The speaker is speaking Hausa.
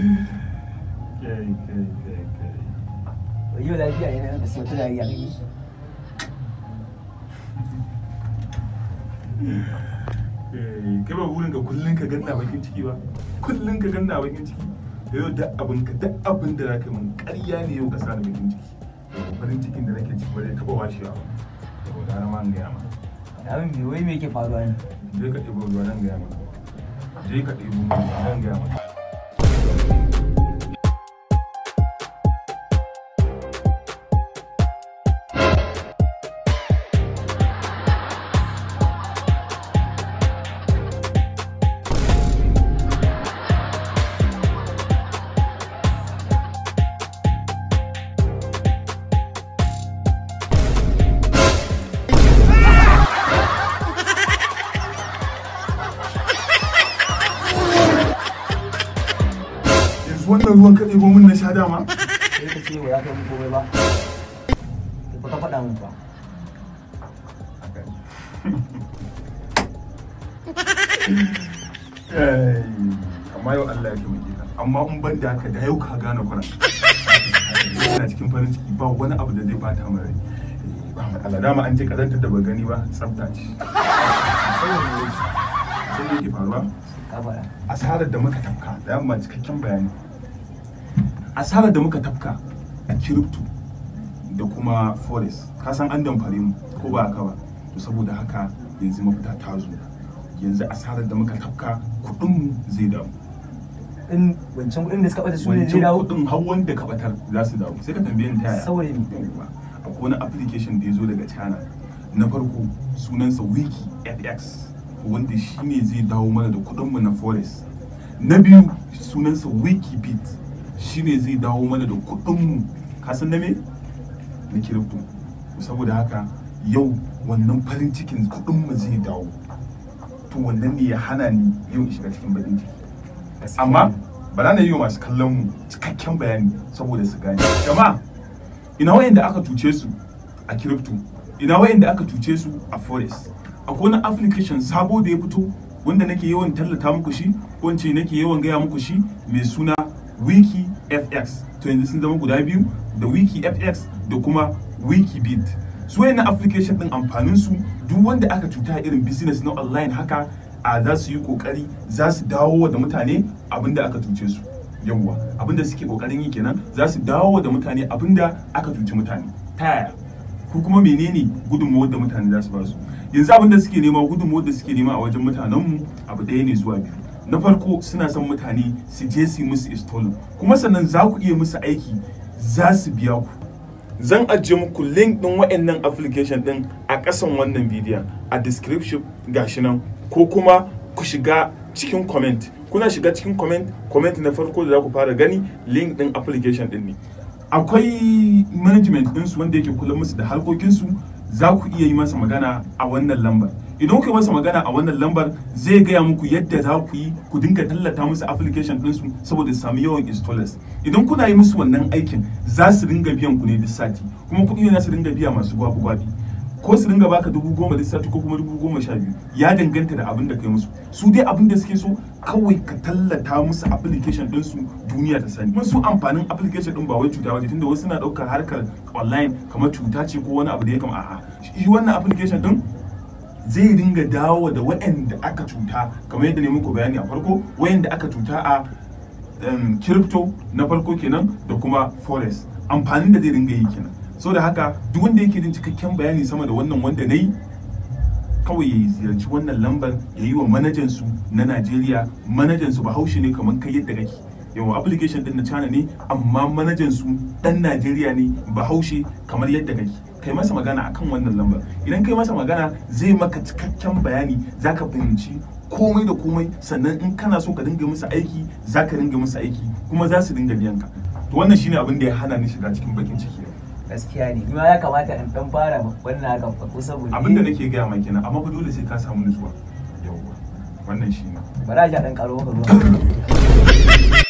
kai kai kai kai yau lafiya yana da sautu kai ba burin ka kullun ka ganna bakin ciki ba kullun ka ganna bakin ciki yau da abin ka duk abin da zaka min ƙarya ne yau ka sa da bakin ciki farin cikin da nake ciki ba zai taba washewa ba da har ma an gaya ma abin me wai me yake faruwa ne je ka ɗebo ruwa nan gaya ma je ka ɗebo ruwa nan gaya ma wannan ruwan ka ɗebo min na ba ba yau Allah ya mai amma in ban da haka da yau ka gane yana cikin farin ciki ba wani abu da zai bata mara rai eh, ba matsala dama an ce kazantar da ba ba tsafta ce sai asarar da muka tafka da cikakken bayani asarar da muka tafka a kiripto da kuma forest san an damfare mu ko ba haka ba to saboda haka yanzu mafita ta zo yanzu asarar da muka tafka kudin mu zai dawo in wancan kuɗin da suka bata shi ne zai dawo kuɗin har wanda ka batar za su dawo sai ka tambaye ni ta yaya saboda akwai wani application da ya zo daga China na farko sunansa wiki fx wanda shine zai dawo mana da kudin mu na forest na biyu sunansa wikibit shine zai dawo mana da kuɗinmu kasan na me na kirifto saboda haka yau wannan farin cikin kuɗinmu zai dawo to wannan ne ya hana ni yau in shiga cikin baɗin ciki amma ba na yi wa masu kallon mu cikakken bayani saboda su gane jama'a ina wayanda aka tuce su a kirifto ina wayanda aka tuce su a forest akwai wani application sabo da ya fito wanda nake yawan tallata muku shi ko nake yawan gaya muku shi mai suna wiki fx to yanzu sun zama guda biyu da wiki fx da kuma wiki bid su wayannan application din amfanin su duk wanda aka cuta irin business na online haka a za su yi kokari za su dawo da mutane abinda aka cuce su yawwa abinda suke kokarin yi kenan za su dawo da mutane abinda aka cuci mutane ta yaya ko kuma menene gudunmawar da mutane za su ba su yanzu abinda suke nema gudunmawar da suke nema a wajen mutanenmu abu ɗaya ne zuwa biyu na farko suna son mutane su je su musu istol kuma sannan za ku iya musu aiki za su biya ku zan ajiye muku link din wa'annan application din a ƙasan wannan bidiyon a description gashi nan ko kuma ku shiga cikin comment kuna shiga cikin comment comment na farko da za ku fara gani link din application din ne akwai management su wanda yake kula musu da harkokinsu za ku iya yi masa magana a wannan lambar idan kuka masa magana a wannan lambar zai gaya muku yadda za ku yi ku dinga tallata musu application su saboda su sami yawan installers idan kuna yi musu wannan aikin za su dinga biyan ku ne duk sati kuma kuɗi ne su dinga biya masu gwabi-gwabi ko su dinga baka dubu goma duk sati ko kuma dubu goma sha biyu ya danganta da abin da kai musu su dai abin da suke so kawai ka tallata musu application din su duniya ta sani mun su amfanin application din ba wai cuta bace tunda wasu suna ɗaukar harkar online kamar cuta ce ko wani abu da ya kama a'a shi wannan application din zai ringa dawo da waɗanda aka cuta kamar yadda ne muku bayani a farko waɗanda aka cuta a crypto na farko kenan da kuma forex amfanin da zai dinga yi kenan so da haka duk wanda yake jin cikakken bayani sama da wannan wanda na yi kawai ya ziyarci wannan lambar ya yi wa manajansu na najeriya manajansu bahaushe ne kamar kai yadda kake yawon application din na china ne amma manajansu dan najeriya ne bahaushe kamar yadda kake kai masa magana akan wannan lambar idan kai masa magana zai maka cikakken bayani zaka fahimci komai da komai sannan in kana so ka dinga musu aiki zaka dinga musu aiki kuma za su dinga biyan ka to wannan shine abin da ya hana ni shiga cikin bakin ciki gaskiya ne kuma ya kamata in dan fara wannan hakan ko saboda abin da nake gaya maka kenan amma fa dole sai ka samu nutsuwa yawwa wannan shine bara ja dan karo ka ruwa